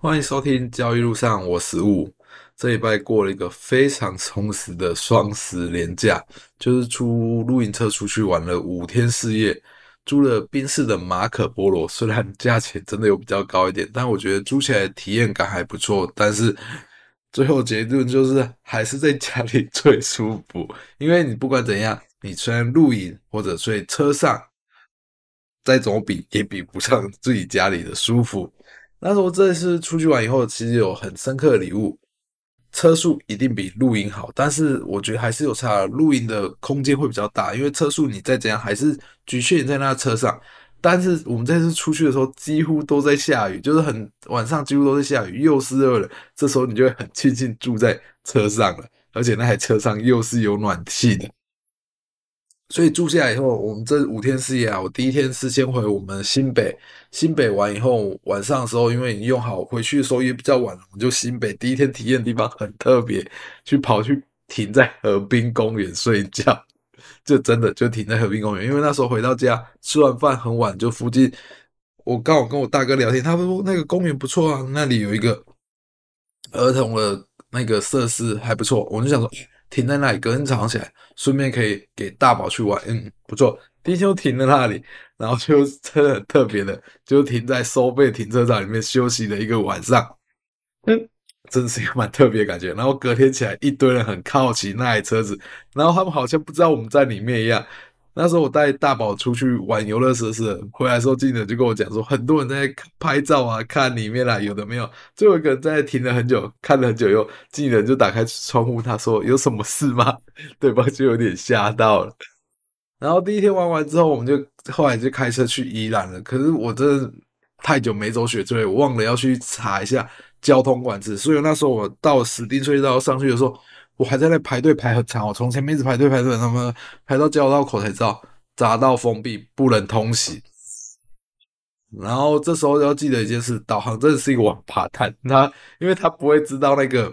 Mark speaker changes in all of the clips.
Speaker 1: 歡迎收聽交易路上，我十五這禮拜過了一個非常充實的雙十連假，就是租露營車出去玩了五天四夜，租了賓士的馬可波羅，雖然價錢真的有比較高一點，但我覺得租起來的體驗感還不錯。但是最後結論就是，還是在家裡最舒服，因為你不管怎樣，你雖然露營或者睡車上，再怎麼比也比不上自己家裡的舒服。那時候這次出去玩以後，其實有很深刻的領悟。車速一定比露營好，但是我覺得還是有差。露營的空間會比較大，因為車速你再怎樣還是局限在那車上。但是我們這次出去的時候，幾乎都在下雨，就是很晚上幾乎都在下雨，又是熱了，這時候你就會很慶幸住在車上了，而且那台車上又是有暖氣的。所以住下來以後，我們這五天四夜啊，我第一天是先回我們新北，新北玩以後，晚上的時候因為已經用好，回去的時候也比較晚，我們就新北第一天體驗的地方很特別，去跑去停在河濱公園睡覺，就真的就停在河濱公園，因為那時候回到家吃完飯很晚，就附近，我剛好跟我大哥聊天，他們說那個公園不錯啊，那裡有一個兒童的那個設施還不錯，我就想說。停在那裡，隔天早上起來，順便可以給大寶去玩。嗯，不錯。第一天就停在那裡，然後就真的很特別的，就停在收費停車場裡面休息了一個晚上。嗯，真是一個蠻特別的感覺。然後隔天起來，一堆人很好奇那台車子，然後他們好像不知道我們在裡面一樣。那時候我帶大寶出去玩遊樂設施，回來的時候，記者就跟我講說，很多人在拍照啊，看裡面啦、啊，有的沒有，最後一個人在停了很久，看了很久以後，又記者就打開窗戶，他說有什麼事嗎？對吧？就有點嚇到了。然後第一天玩完之後，我們就後來就開車去宜蘭了。可是我真的太久沒走雪隧，所以我忘了要去查一下交通管制，所以那時候我到石碇隧道上去的時候。我還在那排隊排很長，我從前面一直排隊排隊，他們排到交流道口才知道匝道封閉不能通行。然後這時候要記得一件事，導航真的是一個王八蛋，他因為他不會知道那個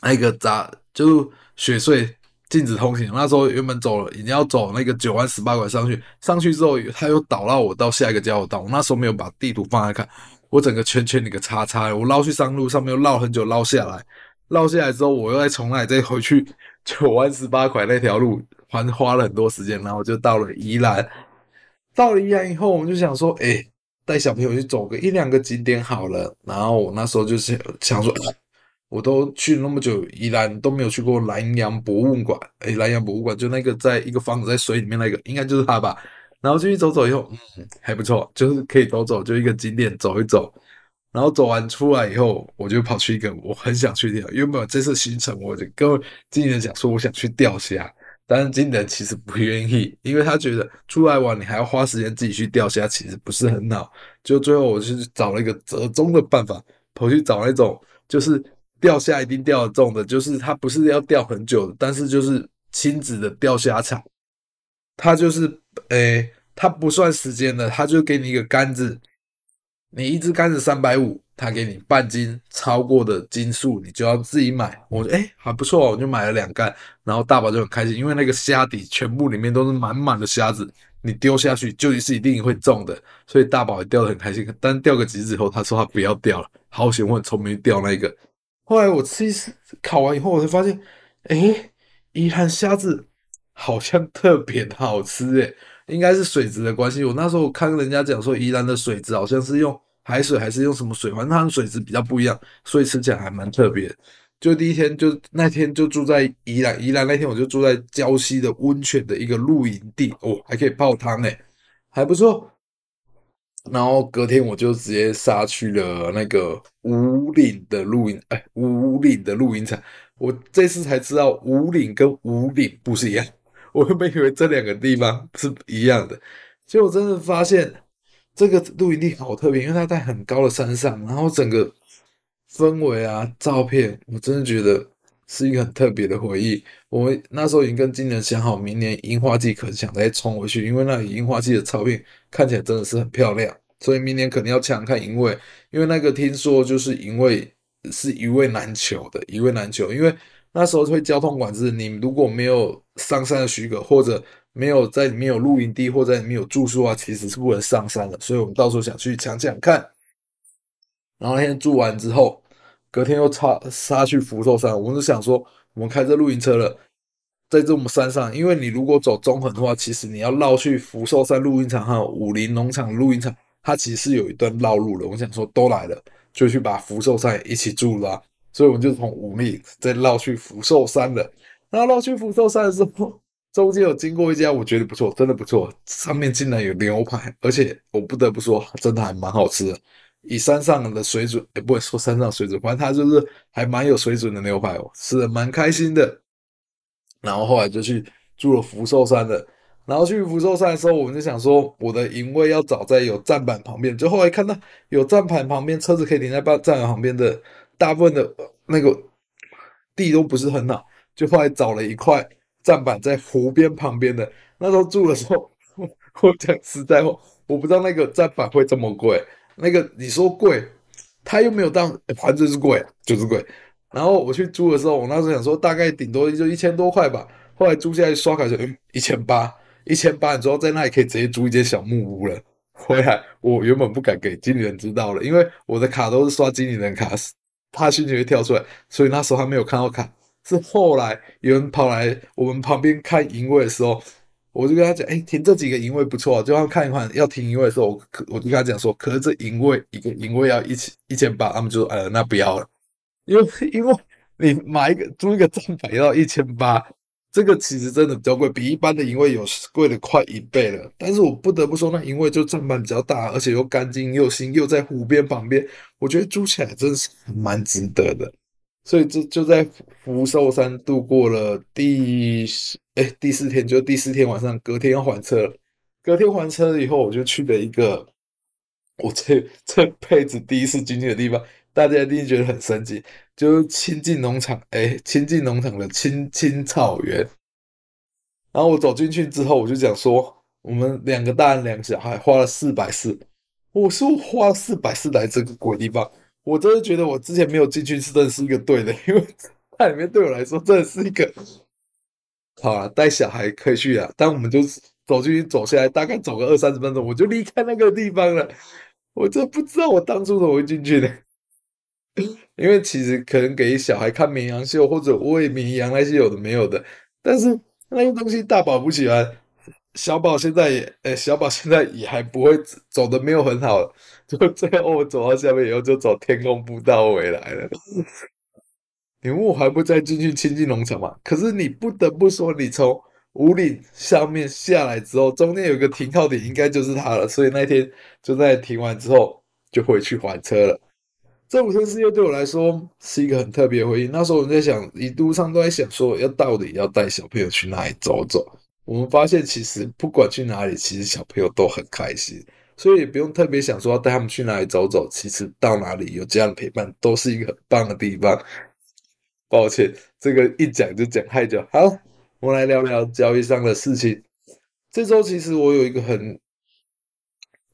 Speaker 1: 那個匝就是雪隧禁止通行。那時候原本走了已經要走那個九彎十八拐上去，上去之後他又導到我到下一個交流道。我那時候沒有把地圖放開看，我整個圈圈你個叉叉，我繞去上路上面又繞很久繞下來。繞下來之後，我又再從那裡再回去九彎十八拐那條路，反正花了很多時間。然後就到了宜蘭，到了宜蘭以後，我們就想說，哎、欸，帶小朋友去走個一兩個景點好了。然後我那時候就是想說、欸，我都去那麼久，宜蘭都沒有去過蘭陽博物館。哎、欸，蘭陽博物館就那個在一個房子在水裡面那個，應該就是它吧。然後就去走走以後，嗯，還不錯，就是可以走走，就一個景點走一走。然後走完出來以後，我就跑去一個我很想去釣，因為沒有這次行程，我就跟經紀人講說我想去釣蝦，但是經紀人其實不願意，因為他覺得出來玩你還要花時間自己去釣蝦，其實不是很好。嗯、就最後我就去找了一個折中的辦法，跑去找那種就是釣蝦一定釣得中的，就是它不是要釣很久的，但是就是親子的釣蝦場，它就是誒、欸，它不算時間的，他就給你一個杆子。你一隻竿子三百五，他給你半斤超過的斤數，你就要自己買。我哎，還不錯哦，我就買了兩竿，然後大寶就很開心，因為那個蝦底全部裡面都是滿滿的蝦子，你丟下去就是一定會中的，所以大寶也釣的很開心。但釣個幾次以後，他說他不要釣了，好險，我，很聰明釣那一個。後來我吃一次烤完以後，我才發現，哎，一盤蝦子好像特別的好吃哎。應該是水質的關係。我那時候我看人家講說，宜蘭的水質好像是用海水還是用什麼水，反正它的水質比較不一樣，所以吃起來還蠻特別。就第一天就那天就住在宜蘭，宜蘭那天我就住在礁溪的溫泉的一個露營地，哦，還可以泡湯哎，還不錯。然後隔天我就直接殺去了那個武陵的露營，哎，武陵的露營場。我這次才知道武陵跟武嶺不是一樣。我原本以為這兩個地方是一樣的，所以我真的發現這個露營地好特別，因為它在很高的山上，然後整個氛圍啊，照片，我真的覺得是一個很特別的回憶。我那時候已經跟今年想好，明年櫻花季可能想再衝回去，因為那裡櫻花季的照片看起來真的是很漂亮，所以明年肯定要搶看，因為因為那個聽說就是因為是一位難求的，一位難求，因為那時候會交通管制，你如果沒有。上山的許可，或者沒有在裡面有露營地，或者在裡面有住宿啊，其實是不能上山的。所以，我們到時候想去搶搶看。然後那天住完之後，隔天又差殺去福壽山。我是想說，我們開這露營車了，在這種山上，因為你如果走中橫的話，其實你要繞去福壽山露營場和武陵農場露營場，它其實是有一段繞路的，我想說，都來了，就去把福壽山一起住了。所以，我們就從武陵再繞去福壽山了。然後到去福壽山的時候，中間有經過一家，我覺得不錯，真的不錯。上面竟然有牛排，而且我不得不說，真的還蠻好吃的。以山上的水準，也、欸、不會說山上水準，反正它就是還蠻有水準的牛排，吃的蠻開心的。然後後來就去住了福壽山的，然後去福壽山的時候，我們就想說，我的營位要找在有站板旁邊。就後來看到有站板旁邊，車子可以停在站站板旁邊的大部分的那個地都不是很好。就後來找了一塊站板，在湖邊旁邊的。那時候住的時候，我我講實在話，我不知道那個站板會這麼貴。那個你說貴，他又沒有當，欸、反正就是貴，就是貴。然後我去租的時候，我那時候想說大概頂多就一千多塊吧。後來租下來刷卡就一千八，一千八你知道在那裡可以直接租一間小木屋了。回來我原本不敢給經理人知道了，因為我的卡都是刷經理人卡，怕心情會跳出來，所以那時候還沒有看到卡。是後來有人跑來我們旁邊看營位的時候，我就跟他講，哎，停這幾個營位不錯。就要看一看要停營位的時候，我我就跟他講說，可是這營位一個營位要一千一千八，他們就說，呃、哎，那不要了，因為因為你買一個租一個帳篷，要一千八，這個其實真的比較貴，比一般的營位有貴了快一倍了。但是我不得不說，那營位就帳篷比較大，而且又乾淨又新，又在湖邊旁邊，我覺得租起來真的是蠻值得的。所以就就在福壽山度過了第哎，第四天，就第四天晚上，隔天要還車了。隔天還車了以後，我就去了一個我這這輩子第一次進去的地方，大家一定覺得很神奇，就是清境農場哎，清境農場的青青草原。然後我走進去之後，我就講說，我們兩個大人兩個小孩花了四百四，我說花四百四來這個鬼地方。我真的覺得我之前沒有進去是真的是一個對的，因為它裡面對我來說真的是一個好啊，帶小孩可以去啊。但我們就走進去走下來，大概走個二三十分鐘，我就離開那個地方了。我真不知道我當初怎麼會進去的，因為其實可能給小孩看綿羊秀或者餵綿羊那些有的沒有的，但是那個東西大寶不喜歡。小寶現在也，誒、欸，小寶現在也還不會走的，沒有很好，就最後走到下面以後就走天空步道回來了。 你問我還不再進去清境農場嗎？可是你不得不說，你從武嶺上面下來之後，中間有個停靠點，應該就是它了。所以那天就在停完之後就回去還車了。這五天四夜對我來說是一個很特別回憶。那時候我在想，一路上都在想說，要到底要帶小朋友去哪裡走走。我們發現，其實不管去哪裡，其實小朋友都很開心，所以也不用特別想說要帶他們去哪裡走走。其實到哪裡有這樣陪伴，都是一個很棒的地方。抱歉，這個一講就講太久。好，我們來聊聊交易上的事情。這週其實我有一個很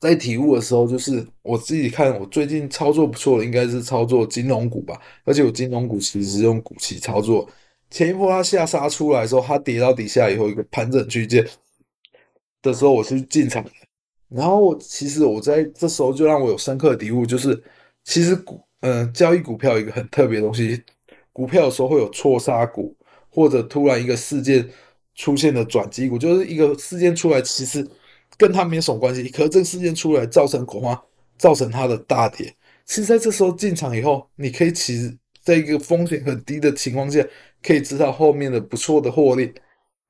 Speaker 1: 在體悟的時候，就是我自己看我最近操作不錯，應該是操作金融股吧，而且我金融股其實是用股息操作。前一波它下殺出來的時候，它跌到底下以後，一個盤整區間的時候，我是進場的。然後我其實我在這時候就讓我有深刻的體悟，就是其實股嗯、呃、交易股票一個很特別的東西，股票的時候會有錯殺股，或者突然一個事件出現的轉機股，就是一個事件出來，其實跟他沒什麼關係，可是這個事件出來造成恐慌，造成它的大跌。其實在這時候進場以後，你可以其實。在一個風險很低的情況下，可以知道後面的不錯的獲利，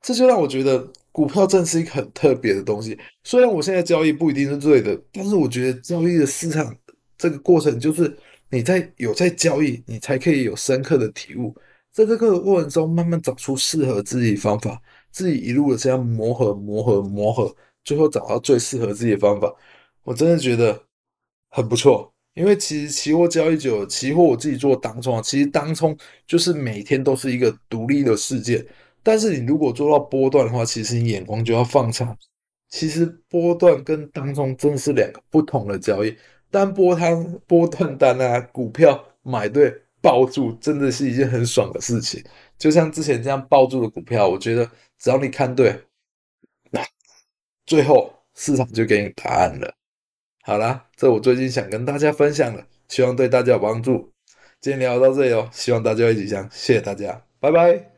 Speaker 1: 這就讓我覺得股票真是一個很特別的東西。雖然我現在交易不一定是對的，但是我覺得交易的市場這個過程，就是你在有在交易，你才可以有深刻的體悟，在這個過程中慢慢找出適合自己的方法，自己一路的這樣磨合、磨合、磨合，最後找到最適合自己的方法，我真的覺得很不錯。因為其實期貨交易就有，就期貨我自己做當沖啊。其實當沖就是每天都是一個獨立的世界，但是你如果做到波段的話，其實你眼光就要放長。其實波段跟當沖真的是兩個不同的交易。單波攤，波段單啊，股票買對抱住，真的是一件很爽的事情。就像之前這樣抱住的股票，我覺得只要你看對，啊，最後市場就給你答案了。好啦，這我最近想跟大家分享了，希望對大家有幫助。今天聊到這裡哦，希望大家一起想，謝謝大家，拜拜。